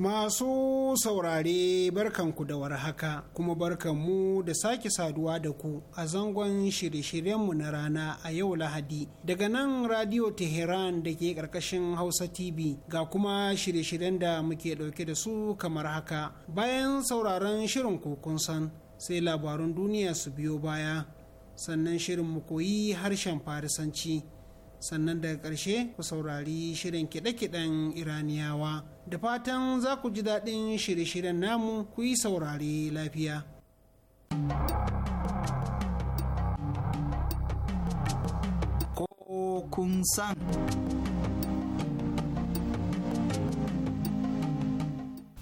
Masu saurare barkanku da warhaka kuma barkanmu da sake saduwa da ku a zangon shirye-shiryenmu na rana a yau Lahadi daga nan Radio Teheran da ke ƙarƙashin Hausa TV ga kuma shirye-shiryen da muke ɗauke da su kamar haka. Bayan sauraron shirin kokun san sai labarun duniya su biyo baya sannan shirin mu koyi harshen Farisanci. sannan daga ƙarshe ku saurari shirin kiɗe-kiɗen iraniyawa da fatan za ku ji daɗin shirye-shiryen namu ku yi saurari lafiya ko kun san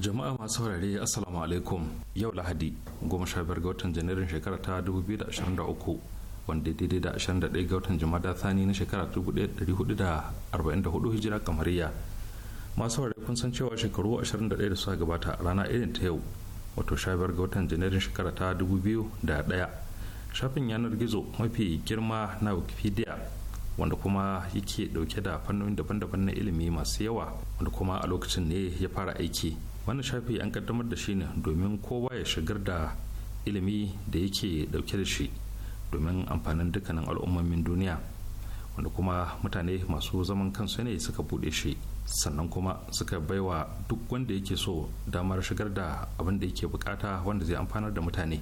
jama'a masu wurare assalamu alaikum yau lahadi 15 ga watan janairun shekara ta 2023 wanda daidai da 21 ga watan jumada sani na shekara 1444 hijira kamariya masu ware kun san cewa shekaru 21 da suka gabata rana irin ta yau wato shabiyar ga watan janairun shekara ta 2001 shafin yanar gizo mafi girma na wikipedia wanda kuma yake dauke da fannoni daban-daban na ilimi masu yawa wanda kuma a lokacin ne ya fara aiki wannan shafi an kaddamar da shi ne domin kowa ya shigar da ilimi da yake dauke da shi domin amfanin dukkanin al'ummomin duniya wanda kuma mutane masu zaman kansu ne suka bude shi sannan kuma suka baiwa duk wanda yake so damar shigar da abin da yake bukata wanda zai amfanar da mutane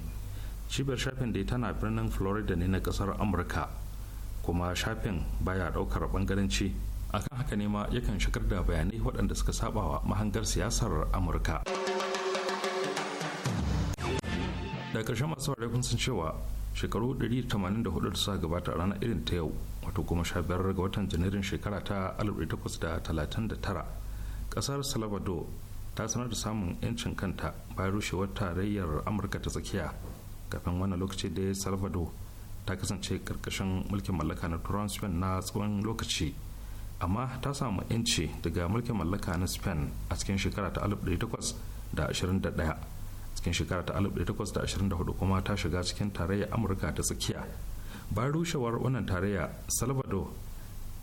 cibiyar shafin da ya tana birnin florida ne na kasar amurka kuma shafin baya daukar bangaranci akan haka ne ma yakan shigar da bayanai waɗanda suka sabawa mahangar siyasar amurka da ƙarshen masu kun sun cewa shekaru 184 da suka gabata a ranar irin ta yau wato kuma sha biyar ga watan janairun shekara ta 1839 kasar salvador ta sanar da samun 'yancin kanta bayan rushewar tarayyar amurka ta tsakiya kafin wannan lokaci da salvador ta kasance karkashin mulkin mallaka na turan spain na tsawon lokaci amma ta samu 'yanci daga mulkin mallaka na spain a cikin shekara ta 1821 cikin shekara ta 1824 kuma ta shiga cikin tarayya amurka ta tsakiya bayan rushewar wannan tarayya salvador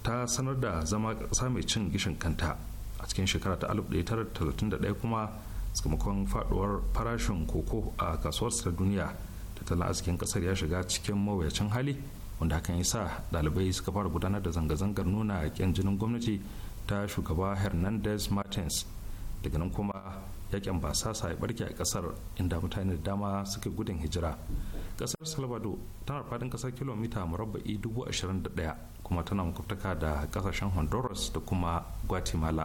ta sanar da zama ƙasa mai cin gishin kanta a cikin shekara ta 1931 kuma sakamakon faduwar farashin koko a kasuwar ta duniya tattalin arzikin kasar ya shiga cikin mawuyacin hali wanda hakan ya sa dalibai suka fara gudanar da zanga-zangar nuna ƙyan jinin gwamnati ta shugaba hernandez martins daga nan kuma yakin basasa ya barke a kasar inda mutane da dama suke gudun hijira kasar salvador tana faɗin kasar kilomita murabba'i ɗaya kuma tana makwabtaka da kasashen honduras da kuma guatemala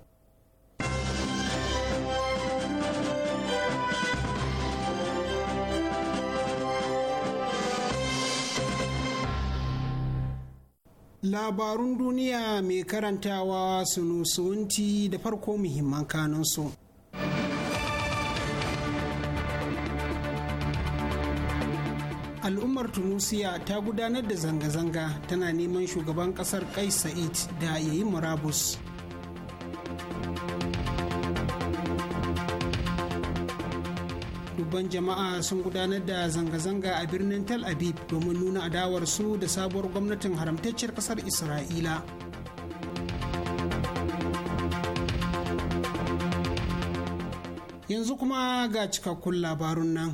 Labarun duniya mai karantawa sunusunti da farko muhimman kanunsu. al'ummar tunusiya ta gudanar da zanga-zanga tana neman shugaban ƙasar kais sa'id da yayi murabus dubban jama'a sun gudanar da zanga-zanga a birnin tel aviv domin nuna adawarsu da sabuwar gwamnatin haramtacciyar kasar isra'ila yanzu kuma ga cikakkun labarun nan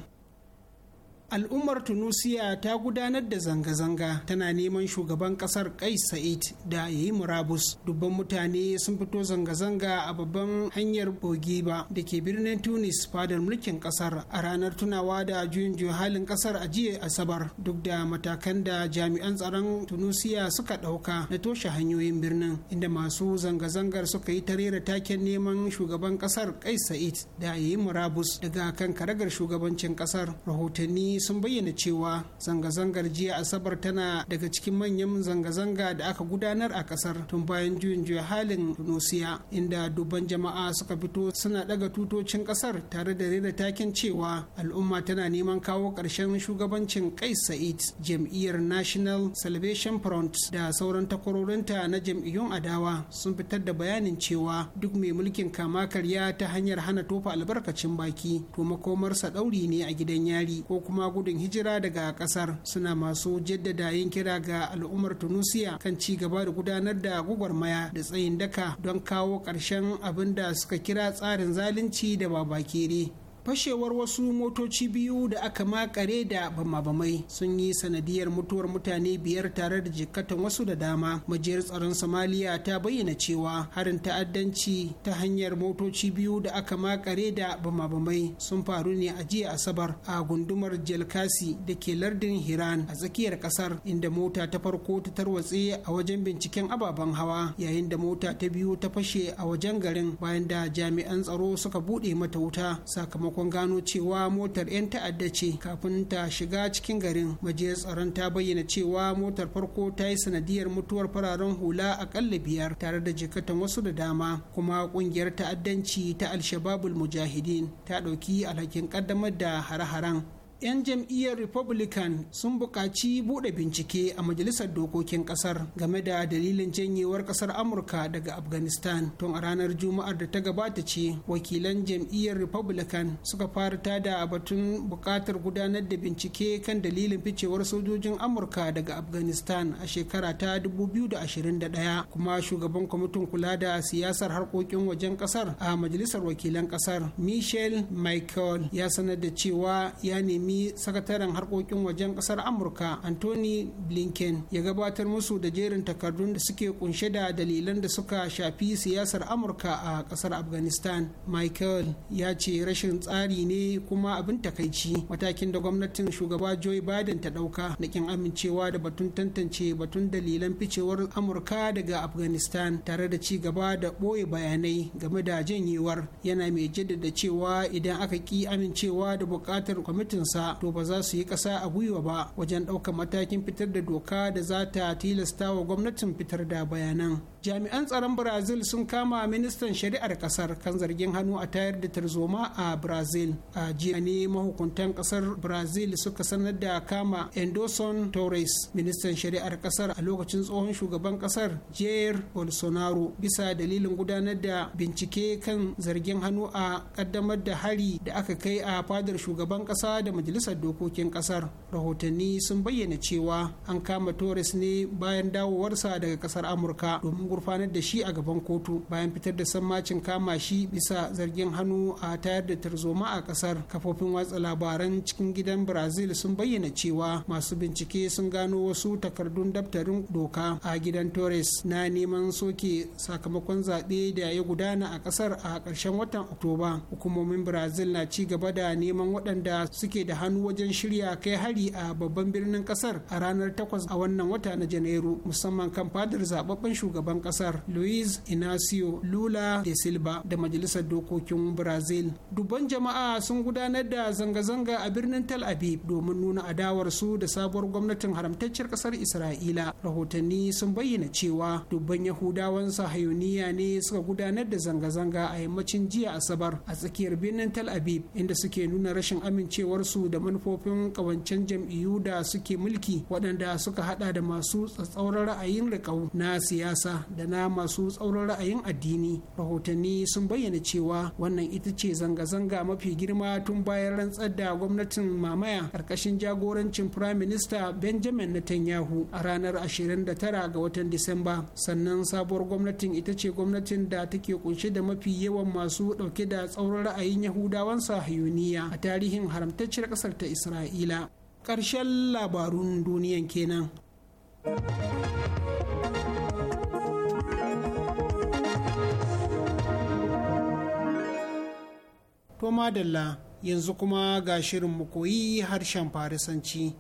al'ummar tunisia ta gudanar da zanga-zanga tana neman shugaban kasar kais sa'id da ya yi murabus dubban mutane sun fito zanga-zanga a babban hanyar bogiba da ke birnin tunis fadar mulkin kasar a ranar tunawa da juyin halin kasar a jiya asabar duk da matakan da jami'an tsaron tunisia suka ɗauka na toshe hanyoyin birnin inda masu zanga-zangar suka yi tarera taken neman shugaban kasar kais sa'id da ya yi murabus daga kan karagar shugabancin kasar rahotanni sun bayyana cewa zanga-zangar jiya asabar tana daga cikin manyan zanga-zanga da aka gudanar a kasar tun bayan juyin juya halin tunisia inda dubban jama'a suka fito suna daga tutocin kasar tare da rera takin cewa al'umma tana neman kawo ƙarshen shugabancin kais sa'id jam'iyyar national salvation front da sauran takwarorinta na jam'iyyun adawa sun fitar da bayanin cewa duk mai mulkin kama karya ta hanyar hana tofa albarkacin baki to makomarsa ɗauri ne a gidan yari ko kuma gudun hijira daga kasar suna masu jaddada yin kira ga al'ummar tunisia kan ci gaba da gudanar da gwagwarmaya da tsayin daka don kawo ƙarshen abin da suka kira tsarin zalunci da babakere fashewar wasu motoci biyu da aka makare da bamabamai sun yi sanadiyar mutuwar mutane biyar tare da jikkatan wasu da dama majiyar tsaron somaliya ta bayyana cewa harin ta'addanci ta hanyar motoci biyu da aka makare da bamabamai sun faru ne a jiya asabar a gundumar jelkasi da ke lardin hiran a tsakiyar kasar inda mota ta farko ta tarwatse a wajen binciken ababen hawa yayin da mota ta biyu ta fashe a wajen garin bayan da jami'an tsaro suka buɗe mata wuta sakamakon sakamakon gano cewa motar 'yan ta'adda ce kafin ta shiga cikin garin majiyar tsaron ta bayyana cewa motar farko ta yi sanadiyar mutuwar fararen hula akalla biyar tare da jikatan wasu da dama kuma kungiyar ta'addanci ta al-shababul mujahidin ta ɗauki alhakin kaddamar da hare-haren 'yan jam'iyyar republican sun buƙaci buɗe bincike a majalisar dokokin ƙasar game da dalilin janyewar ƙasar amurka daga afghanistan tun a ranar juma'ar da ta gabata ce wakilan jam'iyyar republican suka fara da batun buƙatar gudanar da bincike kan dalilin ficewar sojojin amurka daga afghanistan a shekara ta 2021 kuma shugaban kwamitin kula da siyasar harkokin wajen ƙasar a majalisar wakilan ƙasar michel michael ya sanar da cewa ya nemi nemi sakataren harkokin wajen kasar amurka anthony blinken ya gabatar musu da jerin takardun da suke kunshe da dalilan da suka shafi siyasar amurka a kasar afghanistan michael ya ce rashin tsari ne kuma abin takaici matakin da gwamnatin shugaba joe biden ta dauka na kin amincewa da batun tantance batun dalilan ficewar amurka daga afghanistan tare da ci gaba da ɓoye bayanai game da janyewar yana mai jaddada cewa idan aka ki amincewa da buƙatar kwamitinsa to ba za su yi ƙasa a gwiwa ba wajen ɗaukar matakin fitar da doka da za ta tilasta wa gwamnatin fitar da bayanan jami'an tsaron brazil sun kama ministan shari'ar kasar kan zargin hannu a tayar da tarzoma a brazil a jiya ne mahukuntan kasar brazil suka sanar da kama endoson torres ministan shari'ar kasar a lokacin tsohon shugaban kasar jair bolsonaro bisa dalilin gudanar da bincike kan zargin hannu a kaddamar da hari da aka kai a fadar shugaban kasa da majalisar dokokin kasar rahotanni sun bayyana cewa an kama torres ne bayan dawowarsa daga kasar amurka gurfanar da shi a gaban kotu bayan fitar da sammacin kama shi bisa zargin hannu a tayar da tarzoma a kasar kafofin watsa labaran cikin gidan brazil sun bayyana cewa masu bincike sun gano wasu takardun daftarin doka a gidan torres na neman soke sakamakon zaɓe da ya gudana a kasar a ƙarshen watan oktoba hukumomin brazil na ci gaba da neman waɗanda suke da hannu wajen shirya kai hari a babban birnin kasar a ranar 8 a wannan wata na janairu musamman kan fadar zaɓaɓɓen shugaban shugaban kasar luis inacio lula de silva da majalisar dokokin brazil dubban jama'a sun gudanar da zanga-zanga a birnin tel aviv domin nuna adawarsu da sabuwar gwamnatin haramtacciyar kasar isra'ila rahotanni sun bayyana cewa dubban yahudawan sahayuniya ne suka gudanar da zanga-zanga a yammacin jiya asabar a tsakiyar birnin tel aviv inda suke nuna rashin amincewarsu da manufofin kawancen jam'iyyu da suke mulki waɗanda suka haɗa da masu tsatsauran ra'ayin riƙau na siyasa da na masu tsauron ra'ayin addini rahotanni sun bayyana cewa wannan ita ce zanga-zanga mafi girma tun bayan rantsar da gwamnatin mamaya ƙarƙashin jagorancin prime minister benjamin netanyahu a ranar 29 ga watan disamba sannan sabuwar gwamnatin ita ce gwamnatin da take kunshe da mafi yawan masu ɗauke da tsaurin ra'ayin yahudawan sahiyuniya a tarihin haramtacciyar ƙasar ta isra'ila karshen labarun duniyan kenan To madalla yanzu kuma ga shirin mu koyi harshen Farisanci.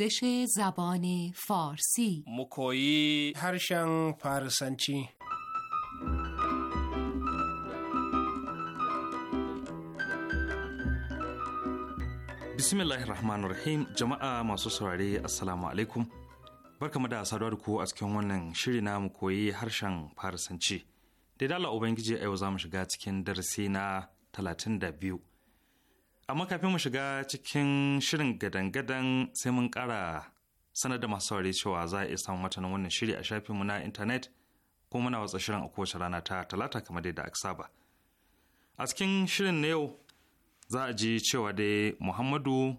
آموزش zaboni فارسی مکویی هرشن فارسنچی bismillahir rahmanir rahim jama'a masu saurari assalamu alaikum barkamu da saduwa ku a cikin wannan shiri na mu koyi harshen farisanci da dala ubangiji a yau za mu shiga cikin darasi na talatin da biyu. amma kafin mu shiga cikin shirin gadangadan sai mun kara sanar da masu saurari cewa za a iya samun matanin wannan shiri a shafinmu na intanet ko muna watsa shirin a kowace rana ta talata kamar da aka saba a cikin shirin na yau za a ji cewa dai muhammadu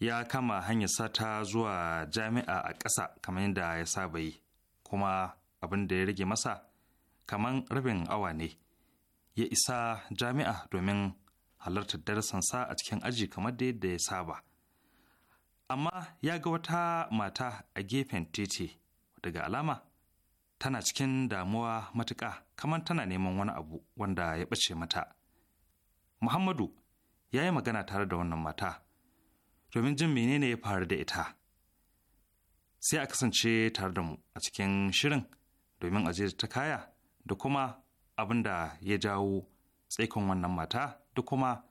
ya kama hanyar sata zuwa jami'a a ƙasa kamar yadda ya saba yi kuma abin da ya rage masa kamar rabin awa ne ya isa jami'a domin halartar sa a cikin aji kamar da yadda ya saba amma ya ga wata mata a gefen titi daga alama tana cikin damuwa matuƙa kamar tana neman wani abu wanda ya ɓace mata muhammadu ya yi magana tare da wannan mata domin jin menene ya faru da ita sai a kasance tare da mu a cikin shirin domin aje ta kaya da kuma abin da ya jawo tsaikon wannan mata Duk kuma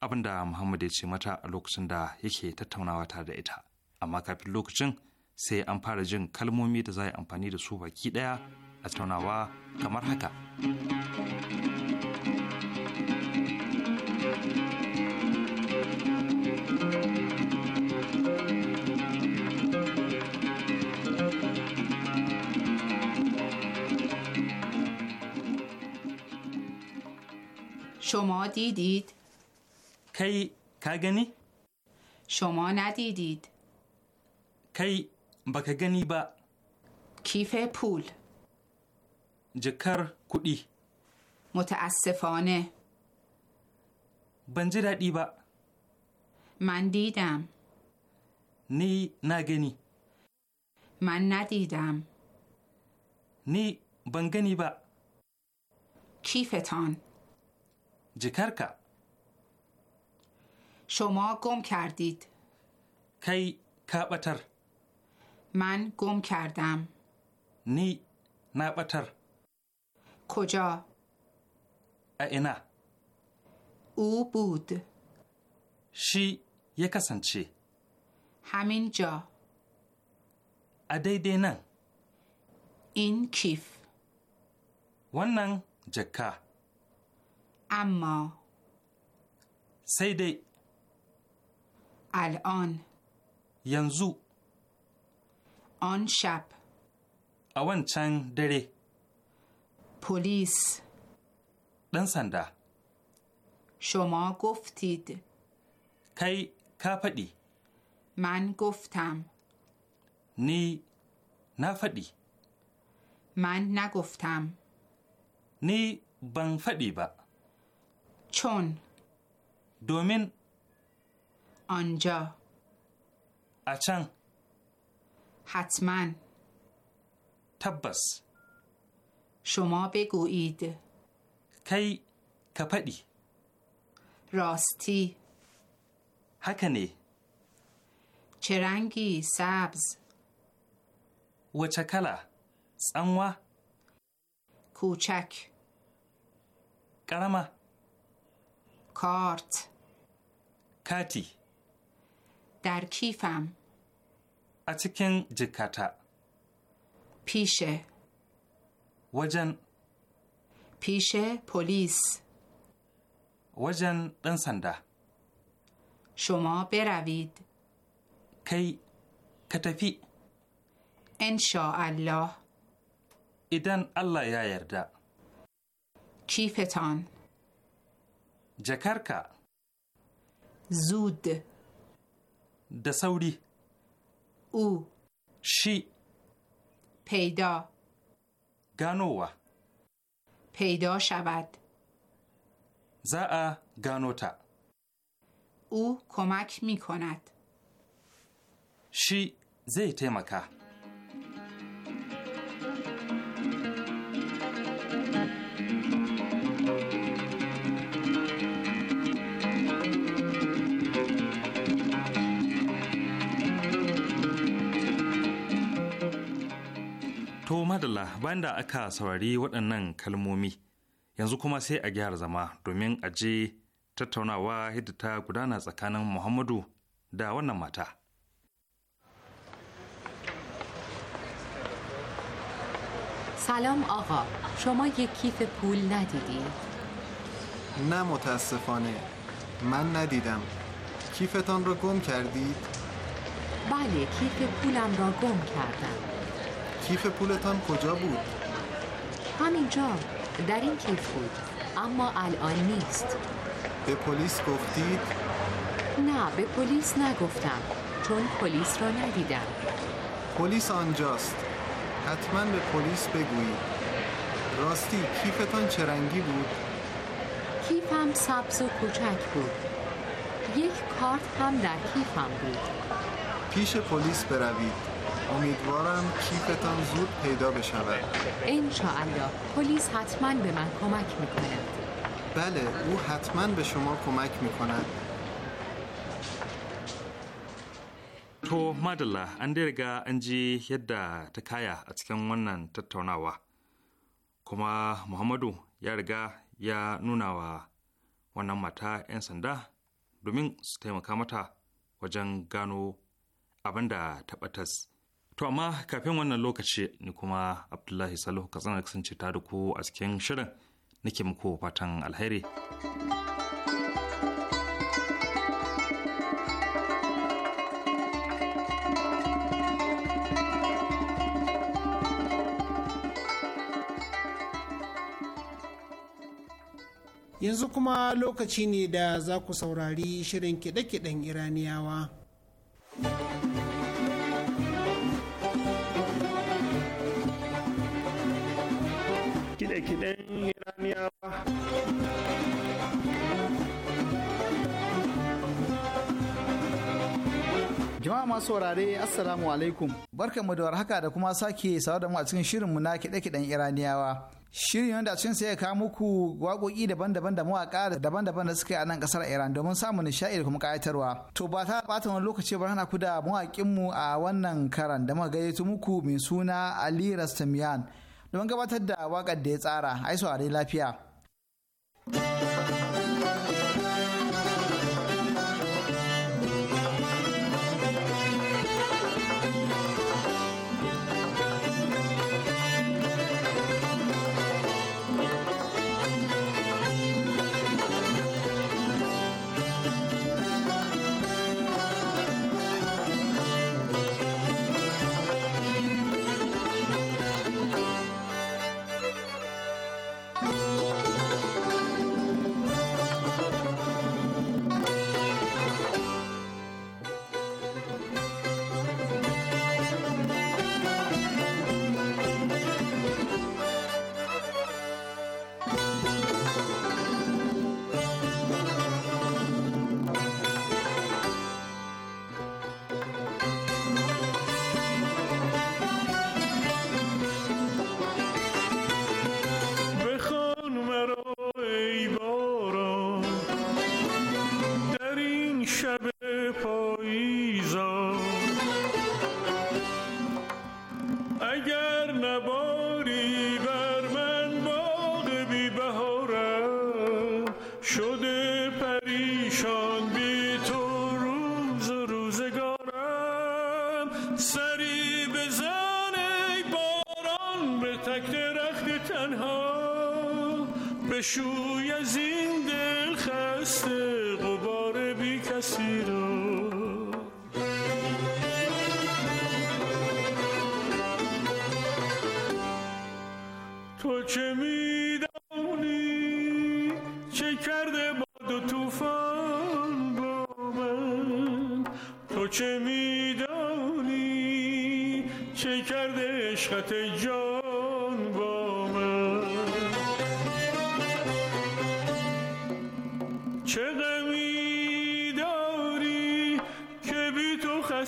abin da Muhammad ya ce mata a lokacin da yake tattaunawa tare da ita. Amma kafin lokacin sai an fara jin kalmomi da za a yi amfani da su baki ɗaya a tattaunawa kamar haka. شما دیدید؟ کی کاگنی؟ شما ندیدید کی بکگنی با کیف پول جکر کودی متاسفانه بنجی با من دیدم نی نگنی من ندیدم نی بنگنی با کیفتان Jikarka. Shomo gonki ardi. Kai ka batar? Man gonki ardam. Ni na batar. koja A ina. Ubud. Shi ya kasance. Haminja. A daidai nan? Inkif. Wannan jakka. amma sai dai al'on yanzu on sharp a wancan dare police ɗan sanda shoma guftid kai ka faɗi man guftam ni na faɗi man na guftam ni ban faɗi ba چون دومین آنجا اچن حتما تبس شما بگویید کی کپدی راستی هکنی چه رنگی سبز و چکلا سنوا کوچک قرمه کارت کاتی در کیفم اتکن جکتا پیشه وجن پیش پلیس وجن دنسنده شما بروید کی کتفی ان الله idan Allah ya yarda. Kifetan جکرکا زود د او شی پیدا گانووا پیدا شود زا گانوتا او کمک می کند شی زی تمکه To madalla bayan da aka saurari waɗannan kalmomi yanzu kuma sai a gyara zama domin a je tattaunawa yadda ta gudana tsakanin Muhammadu da wannan mata. سلام آقا شما یک کیف پول ندیدید؟ نه متاسفانه من ندیدم کیفتان را گم کردید؟ بله کیف پولم را گم کردم کیف پولتان کجا بود؟ همینجا در این کیف بود اما الان نیست به پلیس گفتید؟ نه به پلیس نگفتم چون پلیس را ندیدم پلیس آنجاست حتما به پلیس بگویید راستی کیفتان چه رنگی بود؟ کیفم سبز و کوچک بود یک کارت هم در کیفم بود پیش پلیس بروید امیدوارم کیفتان زود پیدا بشود انشاءالله پلیس حتما به من کمک میکند بله او حتما به شما کمک میکند To madalla an dai riga an ji yadda ta kaya a cikin wannan tattaunawa, kuma Muhammadu ya riga ya nuna wa wannan mata 'yan sanda domin su taimaka mata wajen gano abin da ta ɓatas. To amma kafin wannan lokaci ni kuma Abdullahi Salihu Katsina kasance ta da ku a cikin shirin nake muku fatan alheri. Yanzu kuma lokaci ne da za ku saurari shirin kiɗe-kiɗen Iraniyawa. jama'a masu saurare assalamu alaikum barkanmu da warhaka da kuma sake sawa da mu a cikin shirinmu na kiɗe-kiɗen iraniyawa shirin wanda a cikin sai ya kawo muku waƙoƙi daban-daban da mawaƙa daban-daban da suka yi a nan ƙasar iran domin samun nishaɗi da kuma ƙayatarwa to ba ta ɓata wani lokaci ba hana ku da mawaƙinmu a wannan karan da muka gayyato muku mai suna ali rastamiyan don gabatar da waƙar da ya tsara ai saurari lafiya. شوی از این دل خسته قبار بی کسی رو تو چه میدانی چه کرده با دو توفان با من تو چه میدانی چه کرده عشقت جان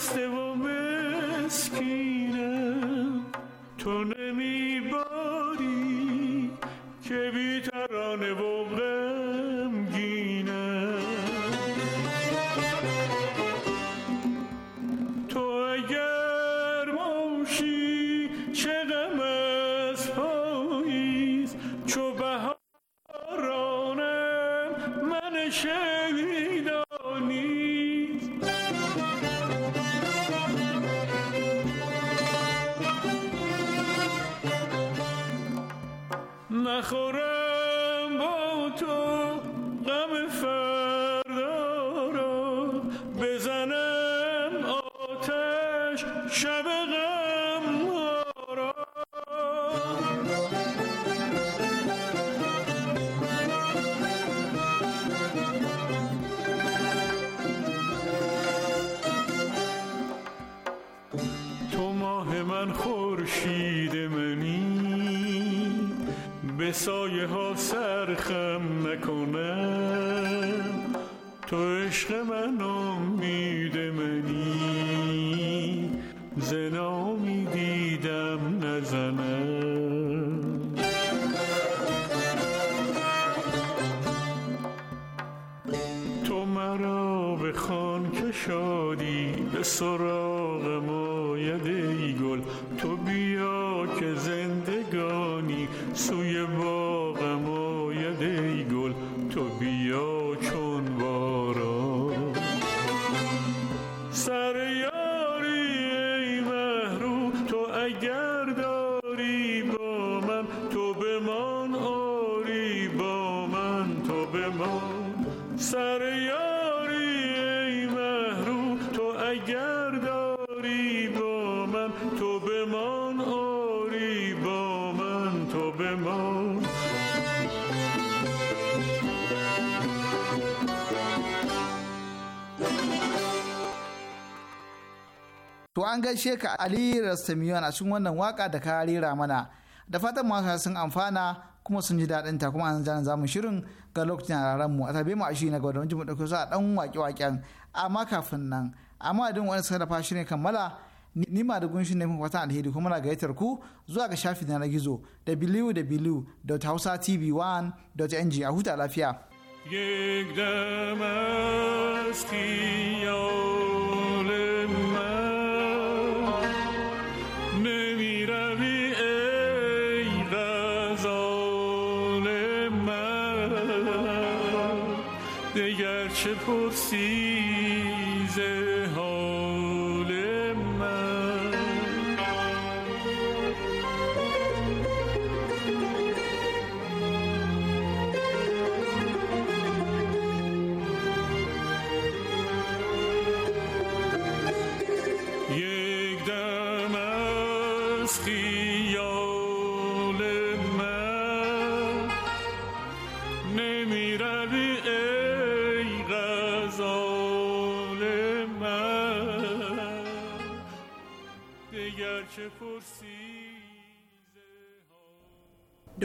C'est bon. به سایه ها سرخم نکنم تو عشق من امید منی زنا می دیدم نزنم تو مرا به که شادی به سراغ an gaishe ka Ali Rastamiyon a cikin wannan waka da ka rera mana. Da fatan masu sun amfana kuma sun ji daɗin ta kuma an zana zamu shirin ga lokacin yaran mu a tabe mu a shi na gaba mu dauke su a dan waƙe-waƙen amma kafin nan amma din wani suka dafa shi ne kammala ni ma da gunshin ne mun fatan alheri kuma na gayyatar ku zuwa ga shafi na gizo www.hausatv1.ng a huta lafiya. a ki از خیال